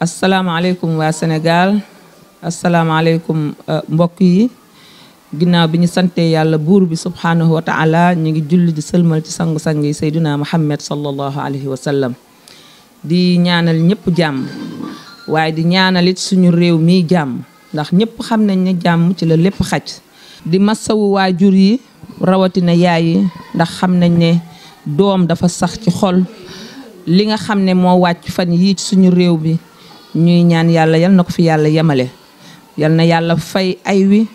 asalaamaaleykum wa Sénégal asalaamaaleykum mbokk yi ginnaaw bi ñu sante yàlla buur bi subhaanahu wa taala ñu ngi julli di sëlmal ci sangu-sang yi muhammad sallallahu alayhi wa sallam di ñaanal ñëpp jàmm waaye di ñaanalit suñu réew mi jam ndax ñëpp xam nañ ne jàmm ci la lépp xaj di masawu waajur yi rawatina yaay yi ndax xam ne doom dafa sax ci xol li nga xam ne wàcc fan yii ci suñu réew bi ñuy ñaan yàlla yal na ko fi yàlla yemale yal na yàlla fay ay wi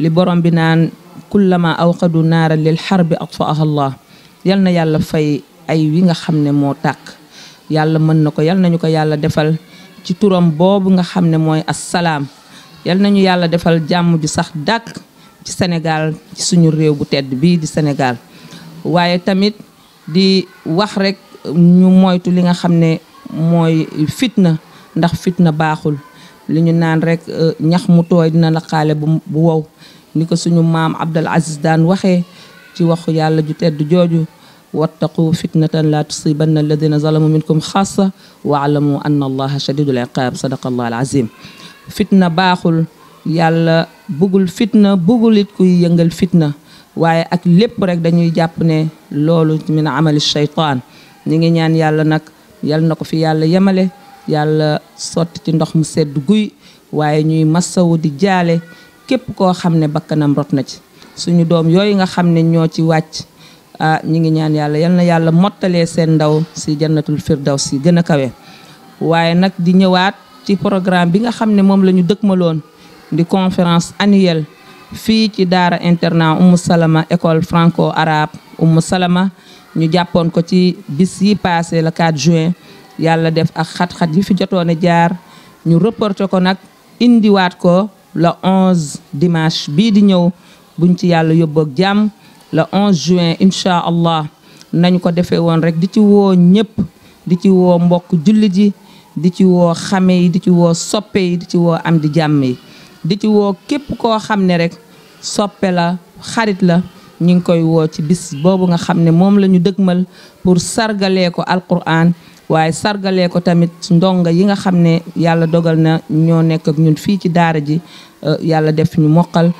li borom bi naan kullama awqadu naara lil xarbi atfaaha allah yal na yàlla fay ay wi nga xam ne moo tàkk yàlla mën na ko yal nañu ko yàlla defal ci turam boobu nga xam ne mooy assalaam yal nañu yàlla defal jàmm ju sax dàkk ci Sénégal ci suñu réew bu tedd bii di Sénégal waaye tamit di wax rekk ñu moytu li nga xam ne mooy fitna ndax fitna baaxul li ñu naan rek ñax mu tooy dina la xaale bu bu wow ni ko suñu maam Abdul Aziz daan waxee ci waxu yàlla ju tedd jooju wattaqu fitnatan la tusibanna alladina zalamu minkum xaasa wa anna allaha shadidul iqab sadaqa allah azim fitna baaxul yàlla bugul fitna bëggul it kuy yëngal fitna waaye ak lépp rek dañuy jàpp ne loolu min amali shaytaan ñi ngi ñaan yàlla nag yal na fi yàlla yemale yàlla sotti ci ndox mu sedd guy waaye ñuy masawu di jaale képp koo xam ne bakkanam rot na ci suñu doom yooyu nga xam ne ñoo ci wàcc ah ñi ngi ñaan yàlla yal na yàlla mottalee seen ndaw si jannatul firdaws si gën a kawe waaye nag di ñëwaat ci programme bi nga xam ne moom la ñu dëkkmaloon di conférence annuelle fii ci daara internat Umu Salama école franco arabe Umu Salama ñu jàppoon ko ci bis yi passé le 4 juin yàlla def ak xat-xat yi fi jotoon jaar ñu reporté ko nag indiwaat ko le 11 dimanche bii di ñëw buñ ci yàlla yóbboog jàmm le 11 juin incha allah nañu ko defee woon rek di ci woo ñëpp di ci woo mbokk jullit ji di ci woo xame yi di ci woo soppe yi di ci woo am di jàmm yi di ci woo képp koo xam ne rek soppe la xarit la ñu ngi koy woo ci bis boobu nga xam ne moom la ñu dëgmal pour sargalee ko alquran waaye sargalee ko tamit ndongo yi nga xam ne yàlla dogal na ñoo nekk ak ñun fii ci daara ji euh, yàlla def ñu mokkal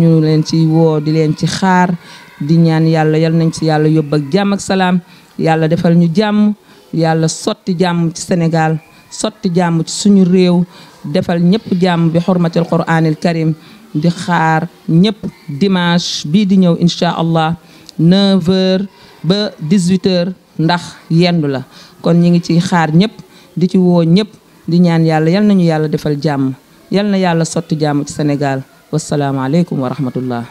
ñu leen ci woo di leen ci xaar di ñaan yàlla yal nañ ci yàlla yóbbu ak jàmm ak salaam yàlla defal ñu jàmm yàlla sotti jàmm ci Sénégal sotti jàmm ci suñu réew defal ñëpp jàmm bi xurmatil quraanil karim di xaar ñëpp dimanche bii di ñëw incha allah 9 ba 18 ndax yendu la kon ñi ngi ci xaar ñëpp di ci woo ñëpp di ñaan yàlla yal nañu yàlla defal jàmm yal na yàlla sotti jàmm ci senegaal wasalaamaaleykum wa rahmatullah